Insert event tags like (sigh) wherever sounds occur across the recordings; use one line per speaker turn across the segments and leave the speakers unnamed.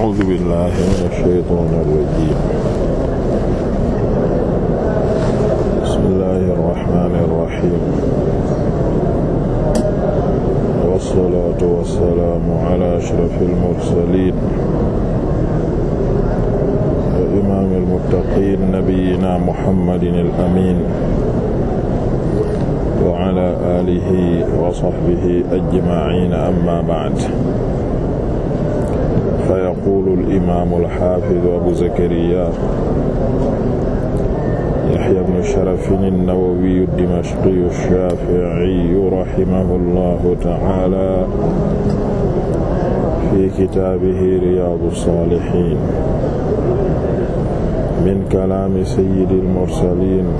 a'uuzu billaahi mina shaytaani rajiim bismillaahi rahmaani rahiim wassalaatu wassalaamu alaa ashrafil mursaliin wa imaamil muttaqiin nabiyyinaa Muhammadinil amiin wa alaa aalihi wa sahbihi ajma'iin ammaa ba'd fa yaqulu al-imaam al-haafiz Abu Zakariya Yahya ibn Sharaf an-Nawawi ad-Dimashqi ash-Shaafi'i rahimahullahu ta'aala fi kitaabihi Riyaadu as-Saalihiin min kalaami sayyidil mursaliin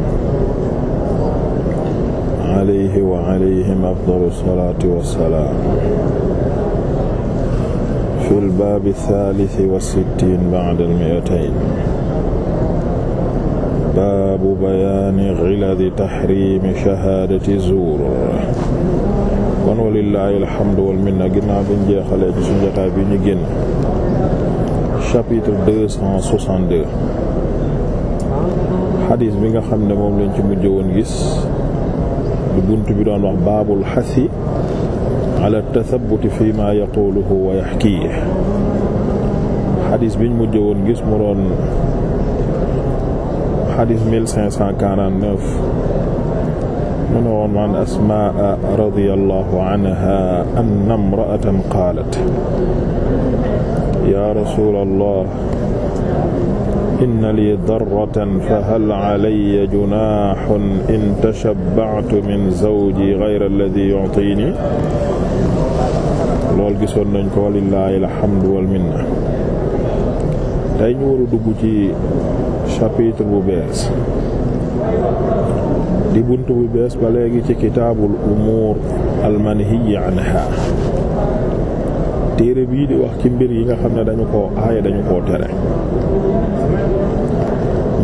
alayhi wa alayhim afdalu salaati wa salaam fi lbaab althaalith wa sittiin ba'da al-mi'atayn baabu bayaani bi ñu bi ñu génn chapitre 262 xadiis bi nga xam ne moom lañ ci mujj woon gis bi doon wax ala tathabuti fi ma yaquluhu wa yaxkiih xadis biñ mujj woon gis mu doon xadis 1549 mu ne woon maan asmaa radiyallahu anha anna imra'atan qaalat ya rasuulallah inna lii darratan fahal alayya junaahun in tashabba'tu min zawji ghayra alladhii yu'tiinii lool gisoon nañ ko walillaahi alhamdu wal minna tey ñu war dugg ci chapitre bu bees di bunt bu bees ba léegi ci kitaabul umuur almanhiyyi anhaa téere bii wax ci mbir yi nga xam ne dañu koo aaya dañu koo tere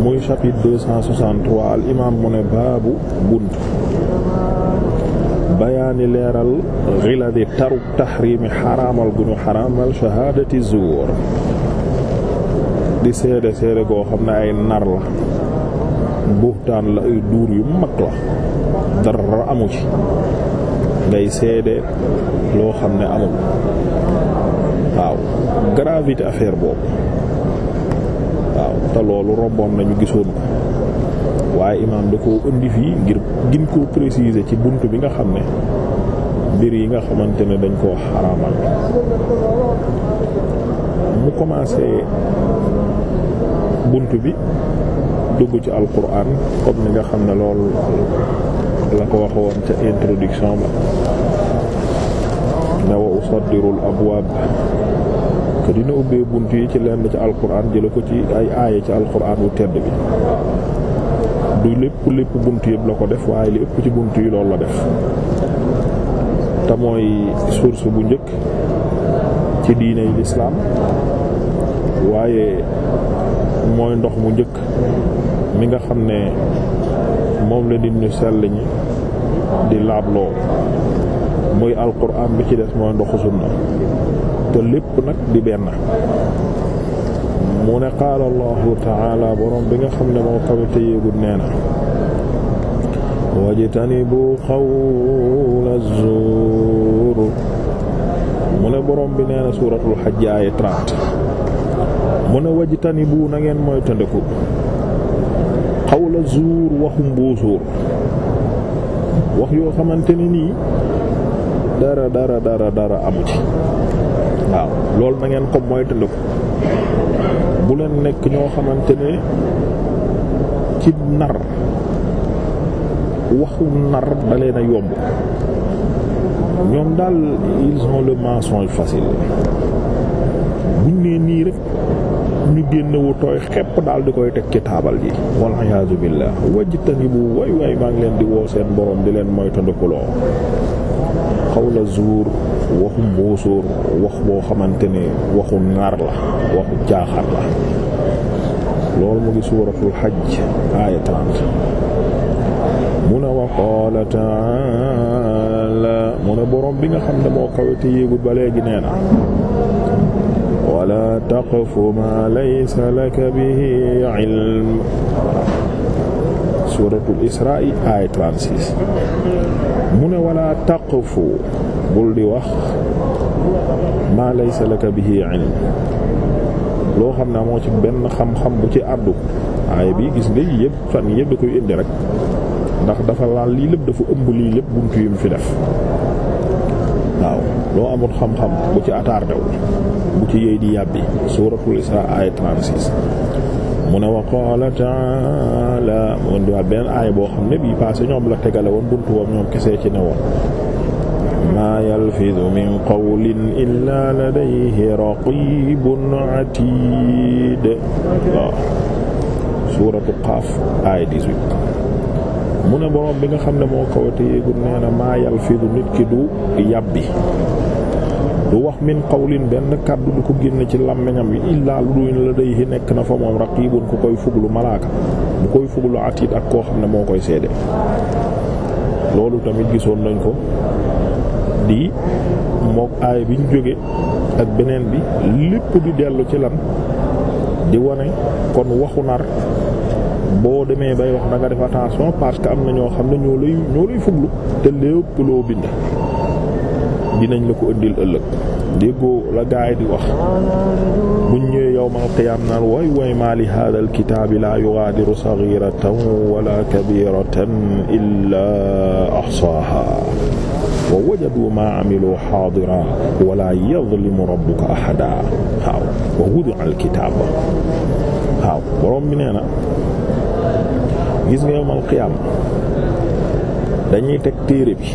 muy chapitre deux cent soixante-trois al imaam mu ne baabu bunt bayaani leeral xiladi taruk taxrimi xaraamal gu ñu xaraamal shahaadati zuur di seede seede goo xam ne ay nar la buxtaan la ay duur yu mag la dara amu ci ngay seede loo xam ne amul waaw gravité affaire boobu waaw te loolu romboon lañu gisoon ko waaye imaam da koo indi fii ngir gin koo préciser ci bunt bi nga xam ne mbir yi nga xamante ne dañ koo xaraamal mu commencé bunt bi dugg ci alquran comme ni nga xam ne lool la ko wax woon ca introduction ba ne wa usaddirul abwaab que dina ubbee bunt yi ci lenn ci alquran jële ko ci ay aaya ci alquran wu tedd bi du lépp lépp bunt yëpp la ko def waaye li ëpp ci bunt yi loolu la def te mooy source bu njëkk ci diine yi lislaam waaye mooy ndox mu njëkk mi nga xam ne moom la nit ñu sell ñi di laabloo muy alquran bi ci des mooy ndoxu sunna te lépp nag di benn mu ne qaala allahu borom bi nga xam ne moo kawite yéegul nee na wajtanibu qawla zuur mu ne borom bi nee na suuratul xajj ay 30 mu ne wajtanibu na ngeen mooy tëndeku qawla zuur waxu mbuusuur wax yoo xamante ni nii dara dara dara dara amu ci waaw loolu na ngeen ko moytandiku bu leen nekk ñoo xamante ne ci nar waxu nar da leen a yomb ñoom daal ils ont le mensonge facile buñ nee nii rek ñu génn wu tooy xepp daal di koy teg ci taabal ji. wal iyaazu billaah bu waay waay maa ngi leen di woo seen borom di leen moytandikuloo xawla zuur waxu mbuusóor wax boo xamante ne waxu nar la waxu caaxaar la loolu mu ngi suuratul xajj aaya 30 mu ne wa qaala ta'aala mu ne boroom bi nga xam ne moo kawe te yéegul ba léegi nee na wala taqfu ma laysa laka bihi ilm suuratul isra aaya 36 mu ne wala taqfu bul di wax maa laysa laka bihi ilm loo xam ne amoo ci benn xam-xam bu ci àddu ay bi gis nga yii yëpp fan yëpp da koy indi rek ndax dafa laal lii lépp dafa ëmb lii lépp buntu yi fi def waaw loo amul xam-xam bu ci attardé wu bu ci yey di yàbbi suuratul isra aaya 36 mu ne wa qaala ta'aala mu boo xam ne bii passé ñoom la tegale woon buntu woom ñoom kese ci ne woon maa yalfidu min qawlin illaa ladayhi raqiibun atiid suuratu qaaf aay mu ne boroom bi nga xam ne moo kawate yéegul nee na maa yalfidu nit ki du yàbbi lu wax min qawlin benn kàddu du ko génn ci làmmiñam yi illaa lu duy la day nekk na fa moom raqibun ku koy fuglu malaaka bu koy fuglu atiid ak koo xam ne moo koy seede loolu tamit gisoon nañ ko di mook aay bi ñu jóge ak beneen bi lépp di dellu ci lan di wane kon waxu nar boo demee bay wax da nga def attention parce que am na ñoo xam ne ñoo luy ñoo lay fuglu te lépp loo bind dinañ la ko ëndil ëllëg déggoo la gaay di wax buñ ñëwee yawmal qiyaam naan way way maa li haadhal kitaabi laa yughaadiru saghiratan wala kabiratan illaa ahsaahaa wa wajaduu maa amiluu haadiran wala yadlimu rabbuka ahadaa waaw wa wudi'a al kitaab waaw borom bi nee na gis nga yawmal qiyaam dañuy teg téere bi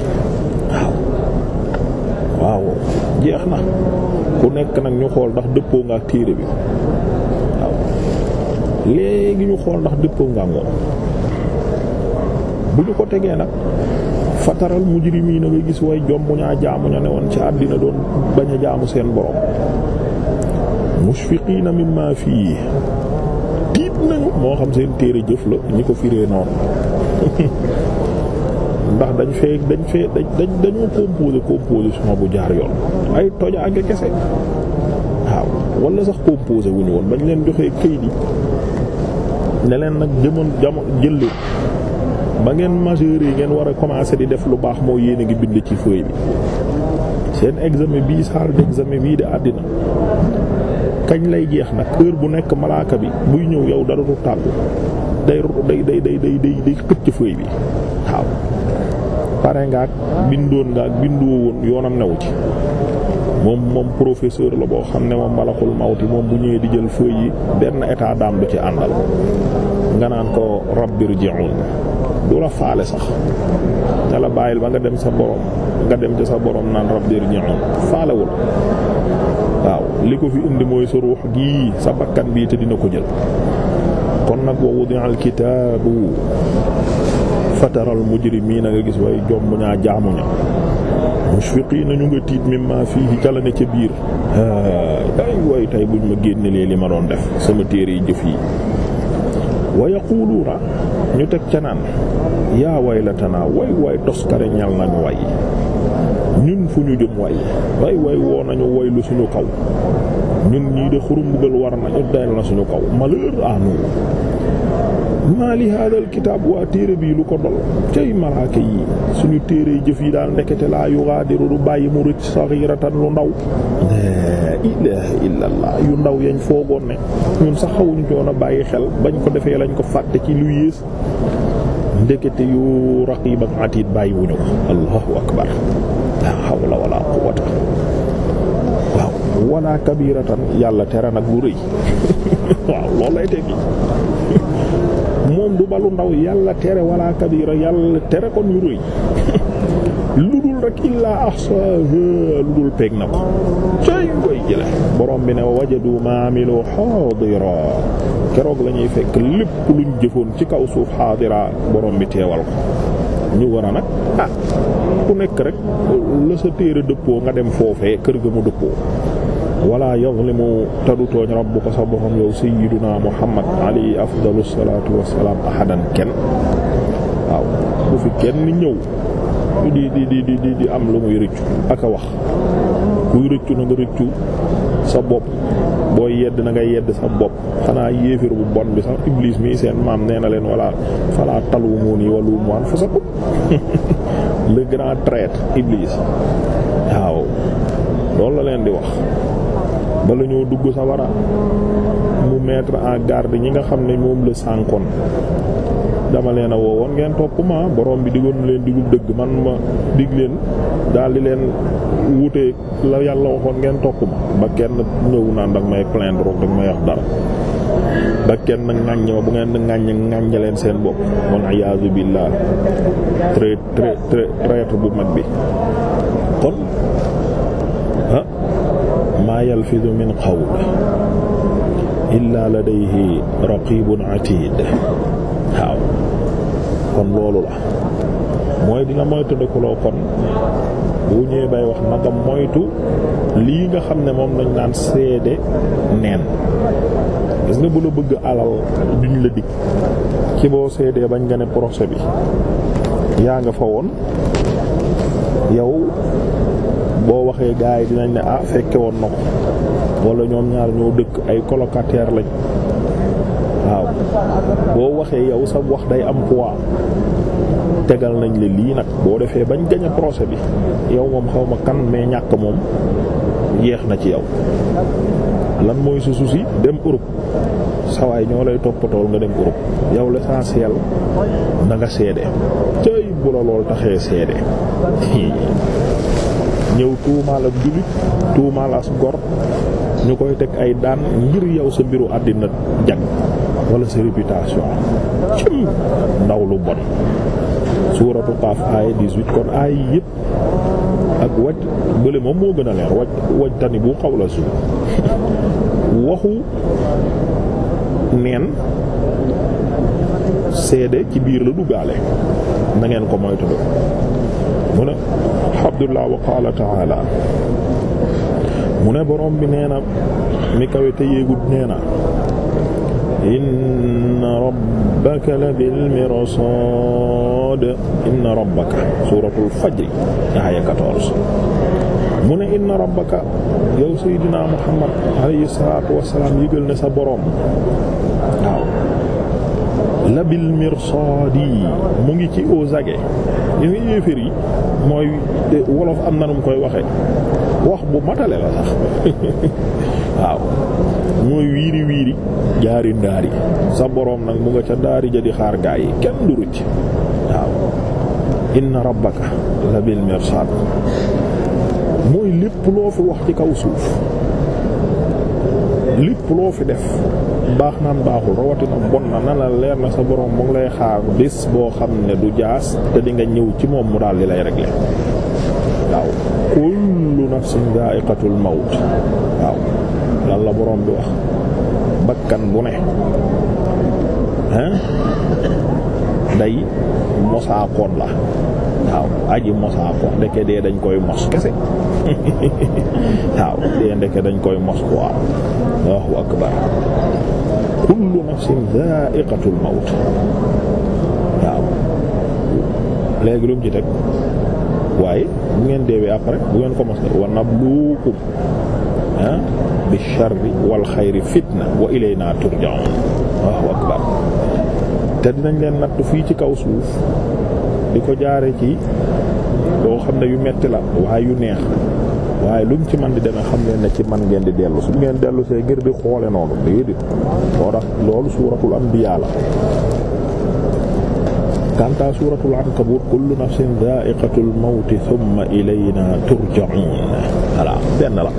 waaw waaw jeex na ku nekk nag ñu xool ndax dëppoo nga ak téere bi waaw léegi ñu xool ndax dëppoo nga moom bu ñu ko tegee nag fataral mujrimiina nga gis way jomb ñaa jaamu ña ne woon ci àddina doon bañ a jaamu seen boroom mushfiqiina mimma fii tiit nañu moo xam seen téere jëf la ñi ko firee noonu (laughs) ndax dañ fee dañ fee dañ dañ dañoo composé composition bu jaar yoon ay toja ak kese waaw wala sax composé wu ñu woon bañ leen joxee kayit yi ne nag jëmoon jamo jël leen ba ngeen majeur yi ngeen war a commencer di def lu baax moo yéen a ngi bind ci feuille bi seen examen bii saal d'examen bii de àddina kañ lay jeex nag heure bu nekk malaaka bi buy ñëw yow dara du tàggu day day day day day day xëcc feuille bi waaw pare nga ak bindoon nga ak bindoo woon yoonam newu ci moom moom professeur la boo xam ne moom malakul mawti moom bu ñëwee di jël feuille yi benn état d'âme du ci àndal nga naan ko rabbirji'un du la faale sax nga la bàyyil ba nga dem sa borom nga dem ca sa borom naan rabbirji'un faalewul waaw li ko fi indi mooy sa ruux gii sa bakkan bii te dina ko jël kon nag wa wudi'a alkitaabu fatara almujrimiina nga gis way jomb ñaa jaamu ña mushfiqiina ñu nga tiit mimma fiihi ca la ne ca biir ay way tay buñ ma génne li ma doon def sama téere yi jëf yi wa yaquluuna ñu teg ca naan yaa waylatanaa way way toskare ñal nañu way ñun fu ñu jëm way way way woo nañu waylu suñu kaw ñun ñii de xuru mbugal war nañu dal na suñu kaw malheur à nous maa li kitaab waa téere bii lu ko dol cay malaaka yi suñu téere jëf yi daal ndekete laa yugaadiru du bàyyi mu rëcc saxiratan lu ndaw ilaaha illallah yu ndaw yañ foogoon ne ñun sax xawuñ doon a bàyyi xel bañ ko defee lañ ko fàtte ci lu yées ndekete yu raqiib ak atiid ko allahu akbar wala kabiratan yàlla tere nag lu rëy (laughs) waaw loolu lay tekki (laughs) moom du balu ndaw yàlla tere wala kabira yàlla tere kon lu rëy (laughs) lu dul rek illaa ahsaaha lu dul peeg na ko cay koy jële borom bi ne wajadu maamilu xaadira keroog la ñuy fekk lépp luñ jëfoon ci kaw suuf xaadira borom bi teewal ko ñu war nag ah ku nekk rek la sa téere dëppoo nga dem foofee kër ga mu dëppoo wala yazlimu tadu tooñ rabbuka sa borom yow sayyiduna muhammad alayhi afdalu salatu wasalaam ahadan kenn waaw bu fi kenn ñëw di di di di di am lu muy rëccu ak wax kuy rëccu na nga rëccu sa bopp booy yedd na nga yedd sa bopp xanaa yéeféer bu bon bi sax iblis mi seen maam nee na leen wala fala talumuni walumu anfusakum (laughs) le grand traître iblis waaw loolu la leen di wax bala ñoo dugg sa sawara mu mettre en garde ñi nga xam ne moom la sànkoon dama leen a woowoon ngeen topp ma boroom bi digoon leen digub dëgg man ma dig leen daal di leen wuute la yàlla waxoon ngeen topp ma ba kenn ñëw naan dag may plaindre roog ma may wax ba kenn ŋàññ ma bu ngeen ŋàññ ŋàññ leen seen bopp kon ayaazu billah traître traître bu mag bi kon maa yalfidu min qawl illaa mooy di la moytu lii nga xam ne moom lañ naan seede neen gis nga bu bi yaa nga fa woon yow boo waxee gars yi dinañ ne ah fekke woon na ko wala ñoom ñaar ñoo dëkk ay colocataire lañ waaw boo waxee yow sa wax day am poids tegal nañ la lii nag boo defee bañ gañ a bi yow moom xaw ma kan mais ñàkk moom yeex na ci yow lan mooy sa souci dem Europe sawaay ñoo lay toppatool nga dem Europe yow l'essentiel da nga seede tey bu la lool taxee seede (laughs) ñëw tuumaal ak jullit tuumaal gor ñu koy teg ay daan ngir yow sa mbiru àddina jag wala sa réputation ndaw lu bon suuratu Qaaf aay 18 kon aay yépp ak waj bële moom moo gën a leer waj waj tani bu xaw la su waxu neen seede ci biir la duggaale na ngeen ko moytu mu ne Abdullah wa qaala ta'ala mu ne borom bi nee na mi kawe te yéegut nee na inna rabbaka labil mirsaad inna rabbaka suuratul fajri aaya 14 mu ne inna rabbaka yow sayyidina Muhammad alayhi salaatu wa salaam yëgal ne sa borom labil mirsaadi mu ngi ci aux aguets yooyu yéeféer yi mooy wolof am na nu mu koy waxe wax bu matale la sax (laughs) waaw mooy wiiri wiiri jaari ndaari sa boroom nag mu nga ca ndaari ja di xaar gaa yi kenn du rucc waaw inna rabbaka labil mirsaad mooy lépp loo fi wax ci kaw suuf lipp loo fi def baax naan baaxul rawatina bon na na leer na sa borom mu ngi lay xaar bés boo xam ne du jaas te dinga ñëw ci moom mu daal di lay régler waaw kullu nafsin dha'iqatul maut waaw lan la borom bi wax bakkan bu ne hein day mosaakoon la waaw aji mosaa ko ndeke dee dañ koy mos kese (laughs) waaw dee ndeke dañ koy mos quoi Allahu akbar kullu nafsin dha'iqatul maut waaw léegi lu mu ci teg waaye bu ngeen deewee après bu ngeen ko mos ne wa nabluukum ah bi sharri wal xayri fitna wa ilayna turja'un Allahu akbar te dinañ leen nattu fii ci kaw suuf di ko jaare ci loo xam ne yu metti la waaye yu neex waaye lu mu ci man di demee xam ngeen ne ci man ngeen di dellu su ngeen dellu see ngir di xoole noonu déedéet moo tax loolu suuratul anbiyaa la kanta suuratul ankabut kullu nafsin dha'iqatul mawti thumma ilayna turja'un voilà benn la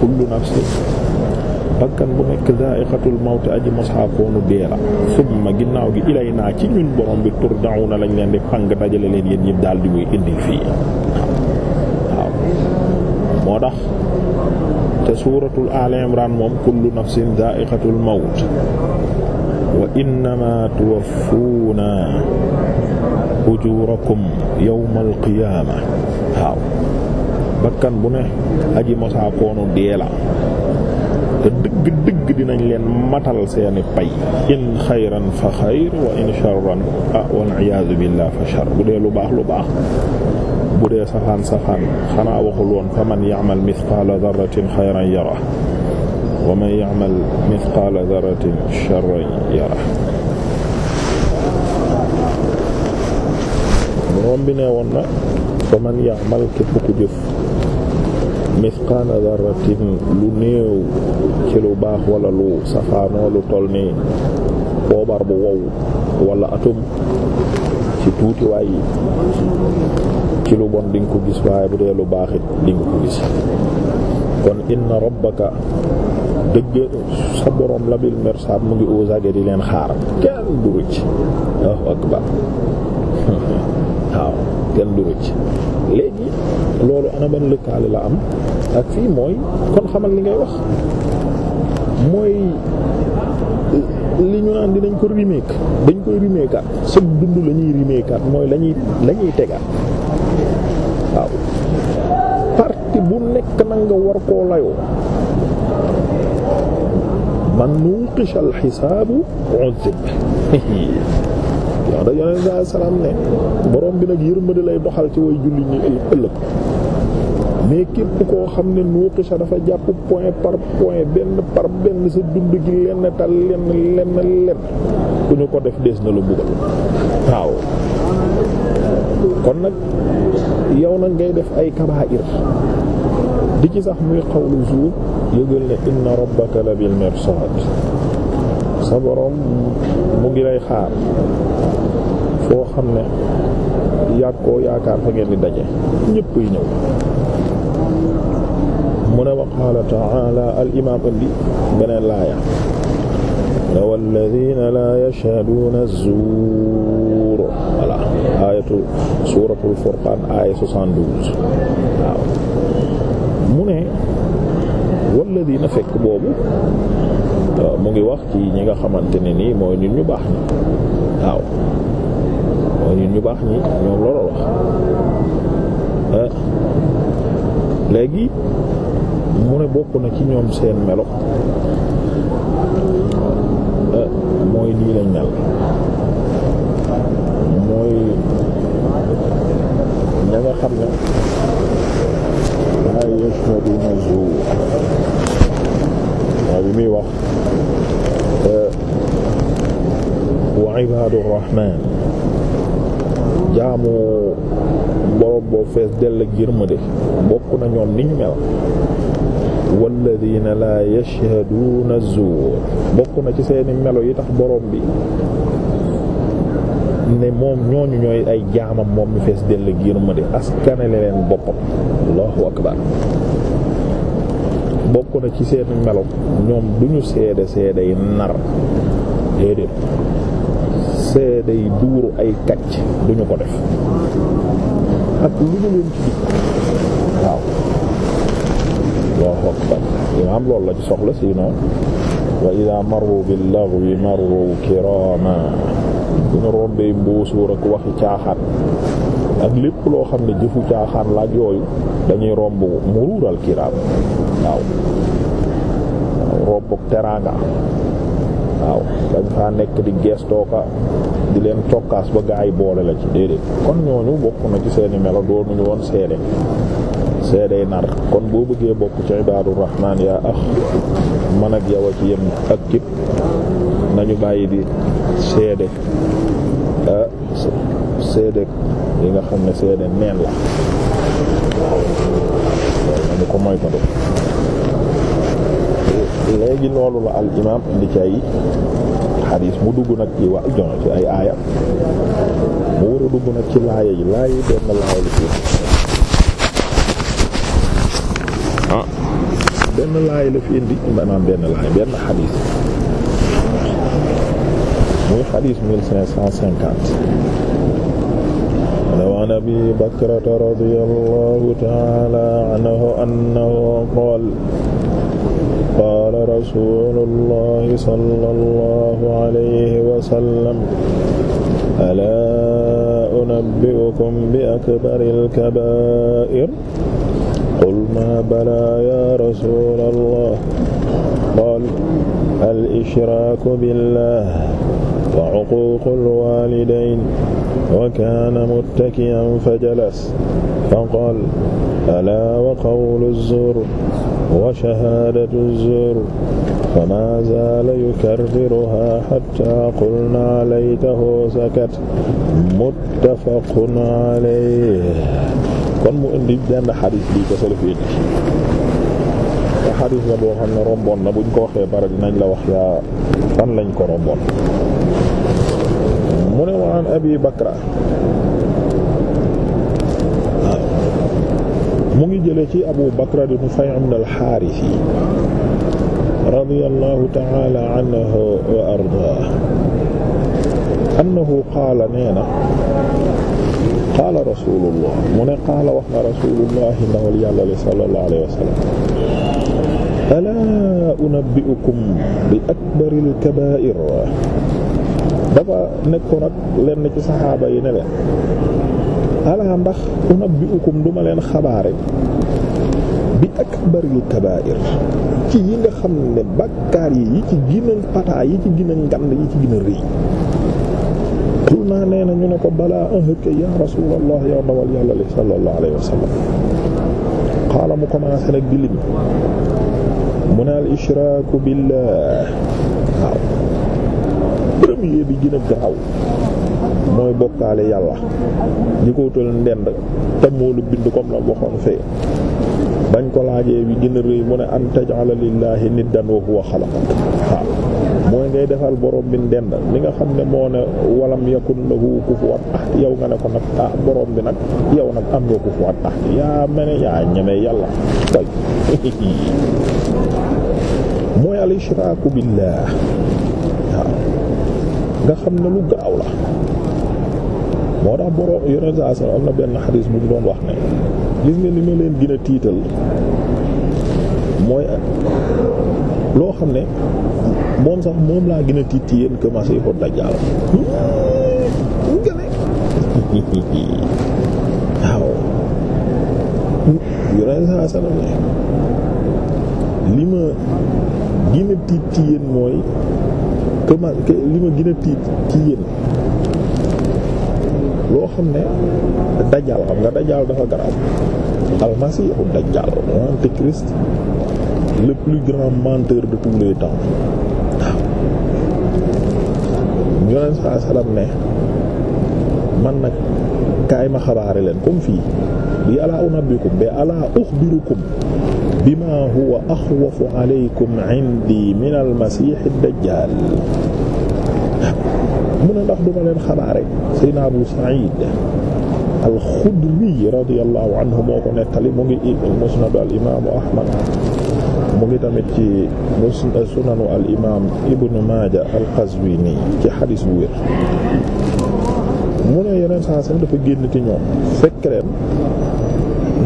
kullu nafsin bakkan bu nekk za'iqatul mawt aji mosaakoonu dee la summa ginnaaw gi ilay naa ci ñun borom bi turja'una lañ leen di pang dajale leen yéen ñëpp daal di muy indil fii moo tax te suuratul Aali Imraan moom kullu nafsin za'iqatul mawt bu ne aji mosaakoonu dëgg-dëgg dinañ leen matal seeni pay in xayran fa xayr wa in sharran ah wal iyaadu billah fa shar bu dee lu baax lu baax bu dee safaan safaan xanaa waxul woon fa man ya'mal mithqaala dharratin xayran yara wa man ya'mal mithqaala dharratin sharran yara borom bi nee woon na fa man ya'mal képp ku jëf misqaala darratin lu néew ci lu baax wala lu safaanoo lu toll ni poobar bu wow wala atum ci tuuti waay ci lu bon di nga ko gis waaye bu dee lu baax it di nga ko gis kon inna rabbaka dëgg sa borom labil mersaad mu ngi ausage di leen xaar kenn du rëcc akbar kenn du rëcc léegi loolu ana lëkkaale la am ak fii mooy kon xamal li ngay wax mooy li ñu naan dinañ ko dañ koy rimeekaat sa dund la ñuy rimeekaat mooy lañuy la ñuy tegaat waaw parti bu nekk na nga war koo layoo man nuqisha al xisaabu uzib (laughs) waaw da yonent bi alayhi salaam ne borom bi nag yërmande lay doxal ci way julli ñi ay ëllëg mais képp koo xam ne nuuqi sa dafa jàpp point par point benn par benn sa dund gi lenn tal lenn lenn lenn ku ñu ko def dees na la mbugal waaw kon nag yow nag ngay def ay kabaa'ir di ci sax muy xawlu zuur yëgal ne inna rabbaka labil mirsad a borom mu ngi xaar foo xam ne yàgg koo yaakaar fa ngeen di daje ñëpp yi ñëw mu ne wa qaala ta'aala al imaam indi beneen laaya ne walladhiina laa yashhaduuna az-zuur voilà aayatu suuratul furqaan aaya 72 waaw mu ne walladhiina fekk boobu mu ngi wax ci ñi nga xamante ne nii mooy nit ñu baax ñi waaw mooy nit ñu baax ni ñoom loolu wax eh, léegi mu ne bokk na ci ñoom seen melo eh, mooy lii lañ mel mooy ña nga xam ne waaye yëpp moo rahima bi muy wax euh, wa ibadu rahman jaamu borom boo fees dell ak yërmande bokk na ñoom niñ mel walladina laa yashhaduuna zuur bokk na ci seeni melo yi tax boroom bi ne moom ñooñu ñooy ay jaamam moom mi fees dell ak yërmande askanale leen boppam allahu akbar bokk na ci seen melo ñoom du ñu seede seede yi nar déedéet seede yi duuru ay kacc du ñu ko def ak lu ñu leen ci dikk waaw Allahu akbar imaam loolu la ci soxla sinon wa idaa marru bil lagwi marru kiraaman bu ñu rombee mbóosóor ak waxi caaxaan ak lépp loo xam ne jëfu caaxaan laaj yooyu dañuy romb muruural kiraam waaw waaw teraanga waaw dañ faa nekk di geestooka di leen cokkaas ba gaa boole la ci déedéet kon ñooñu bokk na ci seeni melo doonuñu woon seede seede nar kon boo bëggee bokk ci ibaadu rahmaan yaa ax man ak yow ci yem ak képp nañu bàyyi di sede eh, seede yi nga xam ne seede neen la waaw ñu ko moytandu léegi loolu la al imaam indi ci ay xadiis mu dugg nag ci waa jon ci ay aaya mu war a dugg nag ci laaya yi laaya yi benn laaya la ah, fi indi maanaam benn laaya benn xadiis muy xadiis abi bakrata radiyallahu ta'ala anhu annahu qaala qaala rasuulullahi sallallahu alayhi wa sallam alaa unabbi'ukum bi akbaril kabaa'ir qul maa balaa yaa rasuulallah qaala al-ishraaku billah wa uquuqul waalidayn wa kaana muttaki'an fa jalasa fa qaala alaa wa qawlu zuur wa shahaadatu zuur famaa zaala yukarriruhaa hattaa qulnaa laytahu sakata muttafaqun alayhi kon mu indi benn xadis bi kese la fi indi te xadis la boo xam ne romboon na buñ ko waxee bare dinañ la wax yaa fan lañ ko romboon. an abi bakra waaw mu ngi jële ci abu bakra di nufay ibn al-harith radiyallahu ta'ala anhu wa ardaah annahu qaala neena qaala rasulullah mu ne qaala wax na rasulullah ndawal yàlla li sallallahu alayhi wa sallam alaa unabbi'ukum bi akbaril kabaa'ir dafa nekkoon ak lenn ci saxaaba yi ne leen alaa ndax unabbi'ukum duma leen xabaare bi akbaril kabaa'ir ci yi nga xam ne bakkaar yi yi ci gën a pataa yi ci gën a ngand yi ci gën a rëy naa nee na ñu ne ko balaa ahëkke ya rasulallah yow ndawal yàlla li sallallahu alayhi wa sallam qaala mu commencé nag di mu ne al ishraaku billah waaw premier bi gën a gaaw mooy bokkaale yàlla di ko wutal ndend te moo lu bind comme la waxoon fee bañ ko laajee bi gën a rëy mu ne an taj'ala lillahi niddan wa huwa xalaqak waaw mooy ngay defal borom bi ndend li nga xam ne moo ne walam yakun lahu kufuwan ahad yow nga ne ko nag ah borom bi nag yow nag am nga kufuwan ahad yaa mene yaa ñeme yàlla (laughs) mooy al ishraaku billah nga xam ne lu gaaw la moo tax borom yeneen am na benn xadis bu ñu doon wax ne gis nga li ma leen gën a tiital mooy loo xam ne moom sax moom laa gën a tiit ci yéen que masiixu dajjaal waaw yeneen ne li ma gën a mooy. que ma que li ma gën tiit ci yéen loo xam ne dajjaal xam nga dajjaal dafa garaaw almasihu dajjaal l'antéchrist le plus grand menteur de tous les temps saa salaam ne man nag kaay ma xabaare leen comme fii bi alaa unabbikum bi alaa uxbirukum bima huwa axwafu alaykum indi min mu ne ndax duma leen xabaare sayyidina Abu Sa'id al-Xudri radiyallahu anhu moo ko nettali mu ngi musnad al Ahmad mu ngi tamit ci musnad sunanu al-imaam Ibn ci xadis bu mu ne yeneen saa seen dafa génn ci ñoom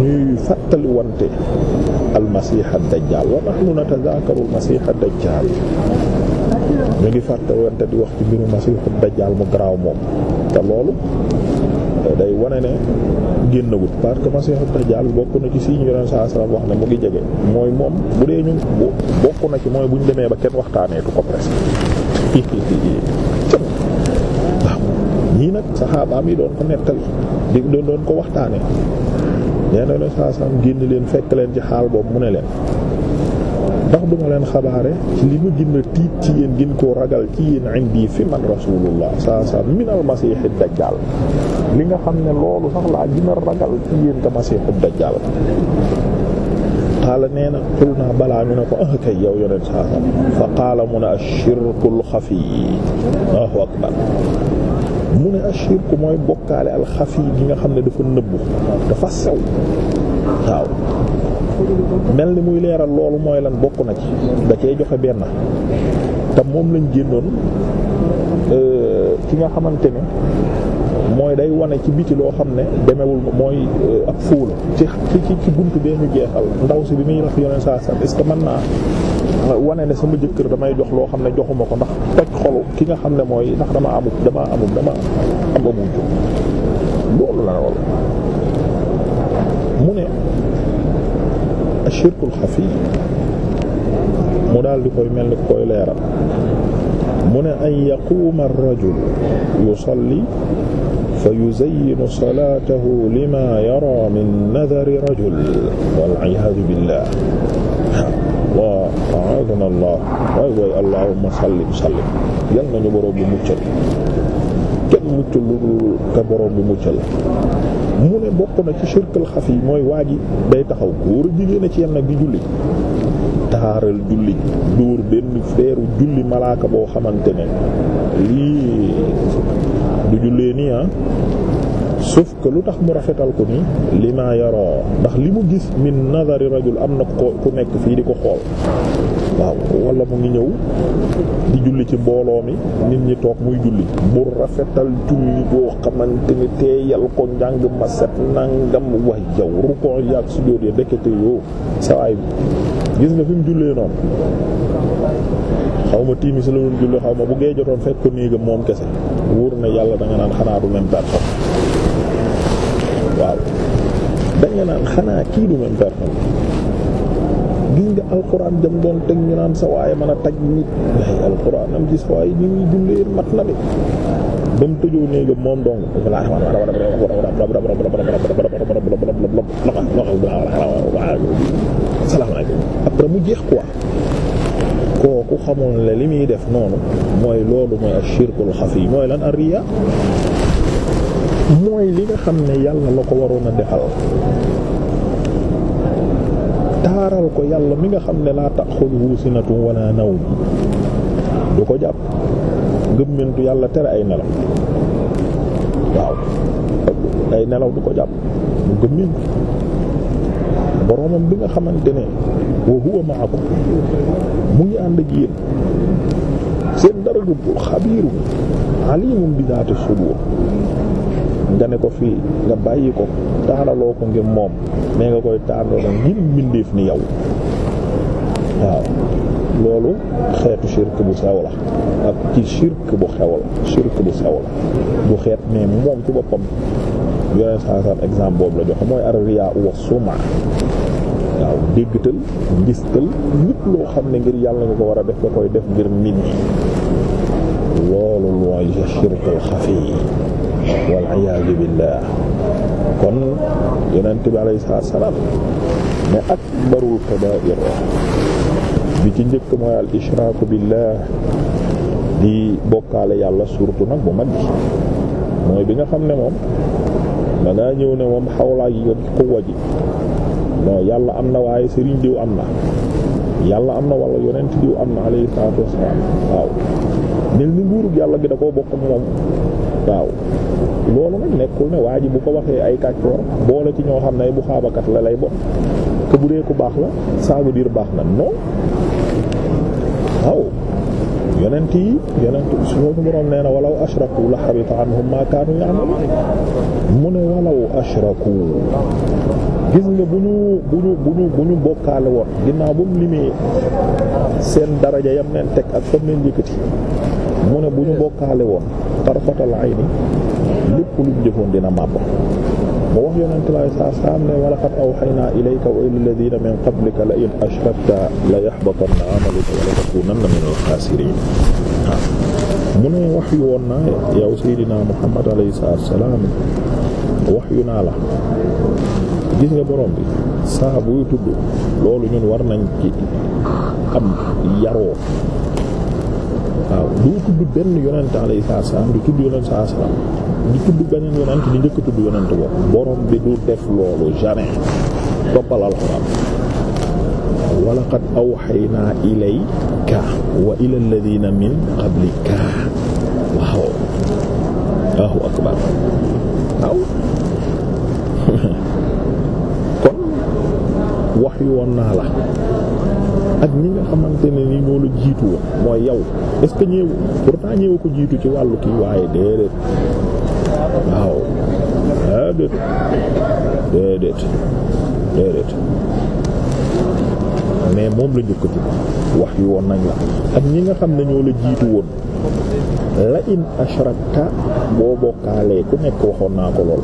ñuy fàttali wante almasiha dajjal wa nahnu a almasiha dajjal ñu ngi fàttali wante di wax ci mbiru masiha dajjal mu garaaw moom te loolu eh, day wane ne génnagul parce que masihu dajjal bokk na ci si ñu yoneen saa wax ne mu ngi jege mooy moom bu dee ñun bokk na ci mooy bu ñu demee ba kenn waxtaaneetu ko presque (laughs) waaw ñii nag saxaabaam yi doon ko nettali di doon ko waxtaanee nee na leen saa génn leen fekk leen ci xaal boobu mu ne leen ndax duma leen xabaare ci li ma gën tiit ci yéen gin koo ragal ci yéen indi fi man rasulullah saa saa minal masiixi dajjaal li nga xam ne loolu sax laa gën a ragal ci yéen ka masiixu dajjaal qaala nee na xul naa balaa ñu ne ko ah kay yow yoneen saa fa qaala mun a ashirkul xafi Allahu akbar mu ne ashirku mooy bokkaale alxafi gi nga xam ne dafa nëbbu dafa sew waaw mel ni muy leeral loolu mooy lan bokk na ci da joxe benn te moom lañ génnoon euh, ki nga xamante ne mooy day wane ci biti loo xam ne demewul mooy euh, ak fuula ci ci ci buntu bee ñu jeexal ndaw si bi muy rax yoneen saa sam est-ce que mën naa wane ne sama jëkkër damay jox loo xam ne joxuma ko ndax toj xolu ki nga xam ne mooy ndax dama amut dama amut dama am amuj loolu la loolu mu ne ashirkul xafi mu daal di koy mel ni koy leeral mu ne an yaquuma ar-rajul yusalli fa yuzayyinu salaatahu lima yara min nadari rajul wal iyaadu billah allah a'aadana allah waay waay allahumma sallim nañu boroom bi muccal kenn muccal lu te boroom bi muccal mu ne bokk na ci shirkal xafi mooy waa ji day taxaw góor a jigéen a ci yem nag di julli taaral julli dóor benn feeru julli malaaka boo xamante ne lii du jullee nii ah sauf que lu tax mu rafetal ko nii li ma yaroo ndax li mu gis mi nazari rajul am na ku nekk fii di ko xool waaw wala mu ngi ñëw di julli ci mbooloo mi nit ñi toog muy julli bu rafetal julli boo xamante ni teeyal ko njàng ma set nangam wax yow rukoo yaag sujjóot ya dekkete yoo sawaay bi gis nga fi mu jullee noonu xaw ma tiimi si la doon julli xaw ma jotoon fekk ko néegam moom kese wóor na yàlla da nga naan xanaa du même personne waaw danga naan xanaa kii du même personne gis nga alxuraan jam doon teg ñu naan sa waaye mën a taj nit day alxuraan am ci sa waaye ni muy jullee mat na de ba mu tëjoo néegam moom dong la salaamaaleykum après mu jeex quoi kooku xamoon la li muy def noonu mooy loolu mooy ashirkul xafi mooy lan ar-riya mooy li nga xam ne yàlla la ko waroon a defal taaral ko yàlla mi nga xam ne laa taxuluhu sinatun wala nawm du ko jàpp gëmmentu yàlla tere ay nelaw waaw ay nelaw du ko jàpp mu gëmmentu boromam bi nga xamante ne wa huwa ma'akum mu ngi ànd ak yéen seen dara du xabiiru alimun bi zaati sudur nga ne ko fii nga bàyyi ko taaraloo ko ngir moom mais nga koy taaraloo nag ngir mbindeef ni yow waaw loolu xeetu shirk bu sew la ak ci shirk bu xew la shirk bu sew la bu xeet mais moom ci boppam yoneen saa saa exemple boobu la joxe mooy ar-riya suma waaw déggtal ngistal nit loo xam ne ngir yàlla nga ko war a def nga koy def ngir nit ñi loolu mooy shirkul xafi wal iyaazu billah kon yonent bi alayhi salaam ne akbarul kabaa'ir bi ci njëkk mooy al ishraaku di bokkaale yàlla surtout nag bu mag bi mooy bi nga xam ne moom da ngaa ñëw ne moom xawlaa yi nga quwwa ji non yàlla am na waaye sëriñ diw am na yàlla am na wala yonent diw am na alayhi salaatu wassalaam waaw mel ni nguurug yàlla gi da koo bokk moom waaw loolu nag nekkul ne waa ji bu ko waxee ay kàccoor boole ci ñoo xam ne bu xaabakat la lay bon te bu dee ku baax la ça veut dire baax na non waaw yonent yi yonent suñu boroom nee na walaw ashraku la xam habita anhum ma kaanu ya'malun mu ne walaw ashraku gis nga bu ñu bu ñu bu ñu bu ñu bokkaale woon ginnaaw ba mu limee seen daraja yam leen teg ak fam leen yëkkati ne bu ñu bokkaale woon tarfatal ayni lépp luñ jëfoon dina màbb mu wax yonent laay saa saam ne wa laqad awhaynaa ilayka wa ilal ladiina min qablika la in ashrakta la yahbatanna amaluka wa la takuunanna minal xaasiriin mu ne wax yu woon naa yow Seydina Muhammad alayhi salaatu wa salaam wax yu naa la gis nga borom bi saa buy tudd loolu ñun war nañ ci am yaroo waaw du tudd benn yonent alayhi salaam du tudd yonent saa salaam du tudd beneen yonent di njëkk tudd yonent boobu borom bi du def loolu jamais toppal alxuraan wa laqad awhaynaa ilayka wa ilal ladiina min qablika waaw Allahu akbar waaw (laughs) kon wax yu woon naa la ak ñi nga xamante ne ni ñoo la jiitu woon mooy yow est-ce que ñëw pourtant ko jiitu ci wàllu kii waaye déedéet waaw déedéet déedéet mais moom la njëkkati wax yi woon nañ la ak ñi nga xam ne ñoo la jiitu woon la in ashrakta boo bokkaalee ku nekk waxoon naa ko lool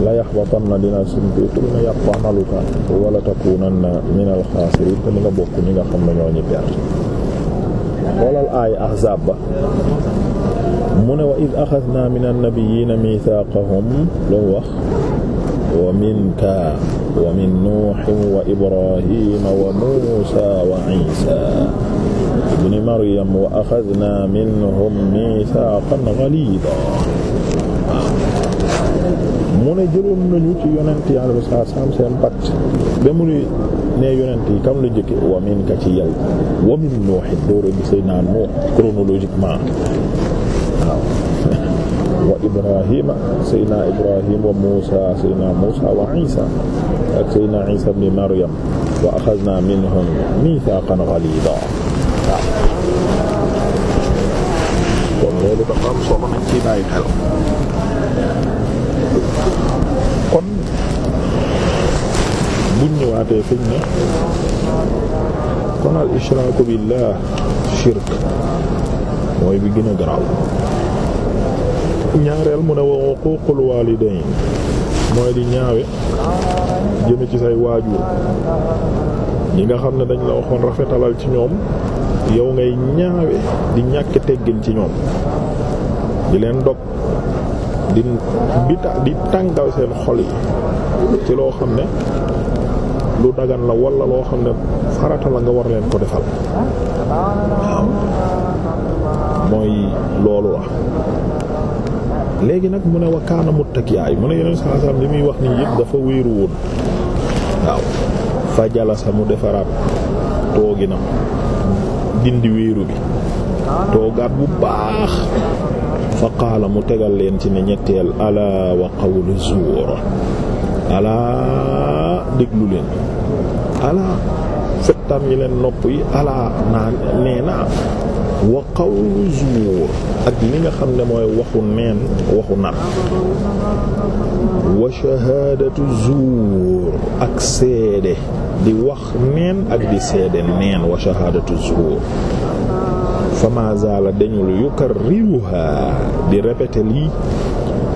la yaxbatanna dina sumpeetul na yàqanaluka wala takunanna min al xaasiriin te li nga bokk ñi nga xam ne ñoo ñi perte xoolal aaya ahzaab ba mu ne wa id axadna min annabiyina mithaqahum loo wax wa minka wa min nuuhin wa ibrahima wa muusa wa isa ibni maryam wa axadna minhum mithaqan ghaliida mu ne jëloon nañu ci yonent yàlla bi saa saam mu ne nee yonent yi kam la jëkke ci yow wamin nooxi door a (laughs) wa ibrahima seydna ibrahim wa muusa seydna muusa wa isa ak seydna isa wa axadna minhum mithaqan ghalida waaw kon loolu dafa am solo nañ ci bàyyi xel kon buñ ñëwaatee fiñ ne kon al ishraaku billah shirk mooy bi gën a ñaareel mu ne wa uquuqul waalidayn mooy di ñaawe jëm ci say waajur ñi nga xam ne dañ la waxoon rafetalal ci ñoom yow ngay ñaawe di ñàkk teggin ci ñoom di leen dog di di di tàngal seen xol yi ci loo xam ne lu dagan la wala loo xam ne farata la nga war leen ko defal mooy loolu la léegi nag mu ne wa kaana muttakiyaay mu ne yeneen saasam li muy wax ni yëpp dafa wéeru woon waaw fa jalasa mu defaraat tooginam dindi wéeru bi toogaat bu baax fa qaala mu tegal leen ci ne ñetteel alaa wa qawlu zuur alaa déglu leen alaa fettam yi leen nopp yi alaa naa nee naa wa qawlu zuur ak li nga xam ne mooy waxu nen waxu na wa shahaadatu zuur ak seede di wax neen ak di seede neen wa shahaadatu zuur fama zaala dañul yukarriruha di répéter lii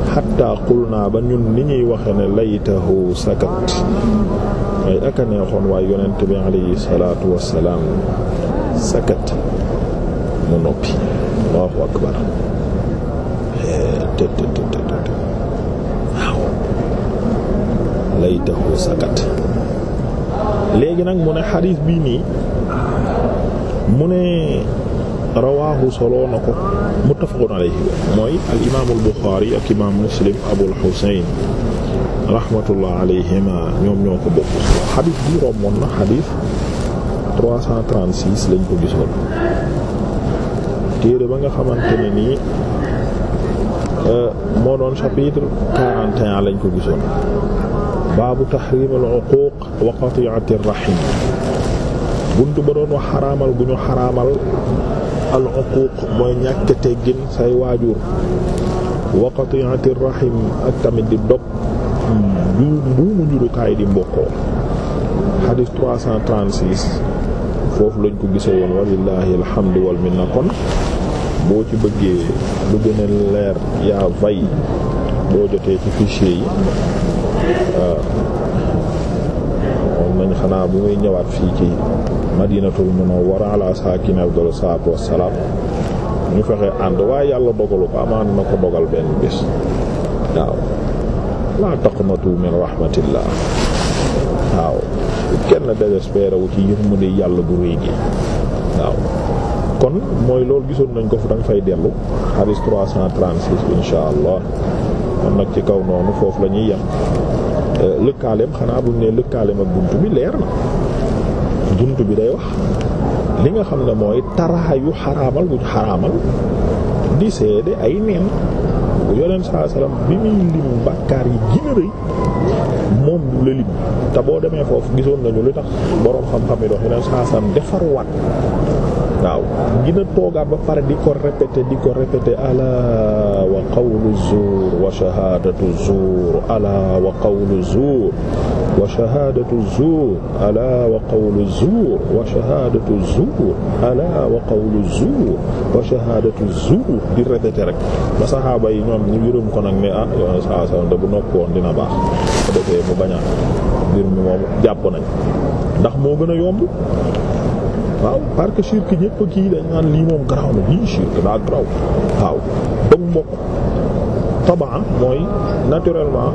xatta qulna ba ñun ni ñuy waxe ne laytahu sakat ay aka waaye yonent bi alayhi wassalaam sakat mu noppi allahu akbar të të të sakat léegi nag mu ne xadiis bii nii mu ne rawaahu soloo na ko muttafaqun alayhi mooy al imaamul Buxaari ak imaam Muslim Abul Husayn rahmatullah alayhima ñoom ñoo ko bokk solo xadis bi romboon na xadis lañ ko gisoon téere ba nga xamante ne nii euh, moo doon chapitre 41 lañ ko gisoon baabu tahrim al uquq wa qati'ati ar rahim bunt ba doon wax xaraamal gu ñu xaraamal al uquuq mooy ñàkk teggin say waajur wa qati'ati rahim ak tamit di dog du buumu njurukaay di mbokkoo xadis foofu lañ ko gise woon walillahi alhamdu wal minna kon boo ci bëggee lu gën leer yaa vay boo jotee ci fichier yi nañ xanaa bu muy ñëwaat fii ci madinatul munawwara ala saakine afdalu salaatu wassalaam ñu fexe ànd waaye yàlla dogalu a amaan na ko dogal benn bés waaw laa taqnatu min rahmatillah waaw kenn désespéré wu ci yërmande yàlla bu réy gi waaw kon mooy loolu gisoon nañ ko fu danga fay dellu hadith 336 insha allah kon nag ci kaw noonu foofu la ñuy yem lëkkaaleem xanaa bu ne lëkkaaleem ak bunt bi leer na bunt bi day wax li nga xam ne mooy taraayu xaraamal buñ xaraamal di seede ay neen bu yonent saa salaam bi muy lim bàkkaar yi gën a moom du la te boo demee foofu gisoon nañu lu tax boroom xam-xam yi dox yonent saa salaam defar waat waaw gën toogaat ba pare di ko répéter di ko répéter alaa wa qawlu zuur wa shahaadatu zuur alaa wa qawlu zuur wa shahaadatu zuur alaa wa qawlu zuur wa shahaadatu zuur di répéter rek ba saxaaba yi ñoom ñu yërëm ko nag ne ah yow saa saa bu noppi dina baax bu defee mu bañ a mbir mi moom jàpp nañ ndax moo gën a yomb waaw parce que shirk ñëpp kii dañ naan lii moom garaaw na lii shirk daa garaaw waaw ak mbokk taban mooy naturellement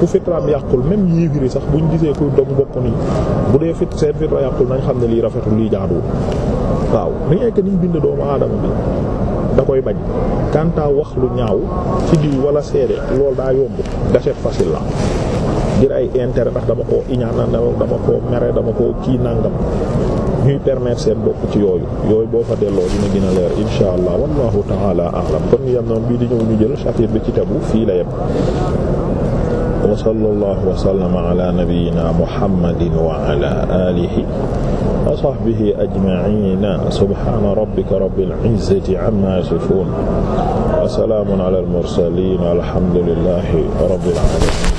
ku fitraam yàqul même yéefiri sax buñ gisee kuy dog mbokk nii bu dee fit seen fitra yàqul nañ xam ne lii rafetul lii jaaduwul waaw rien que niñ bind doomu aadama bi da koy bañ kanta wax lu ñaaw ci diw wala seede loolu daa yomb gâchette facile la ngir ay intérêt ndax dama koo iñaan dama koo mere dama koo kii nàngam ñuy permettre seen bopp ci yooyu yooyu boo fa delloo dina gën a leer insha allah wallahu taala a'lam kon ñu yem noonu bii di ñëw ñu jël chapitre bi ci tabu fii la yem wa sallallahu wa sallama ala nabiyyina muhammadin wa ala alihi wa sahbihi ajma'ina subhana rabbika rabbil izzati amma yasifun wa salamun ala al mursalin alhamdulillahi rabbil alamin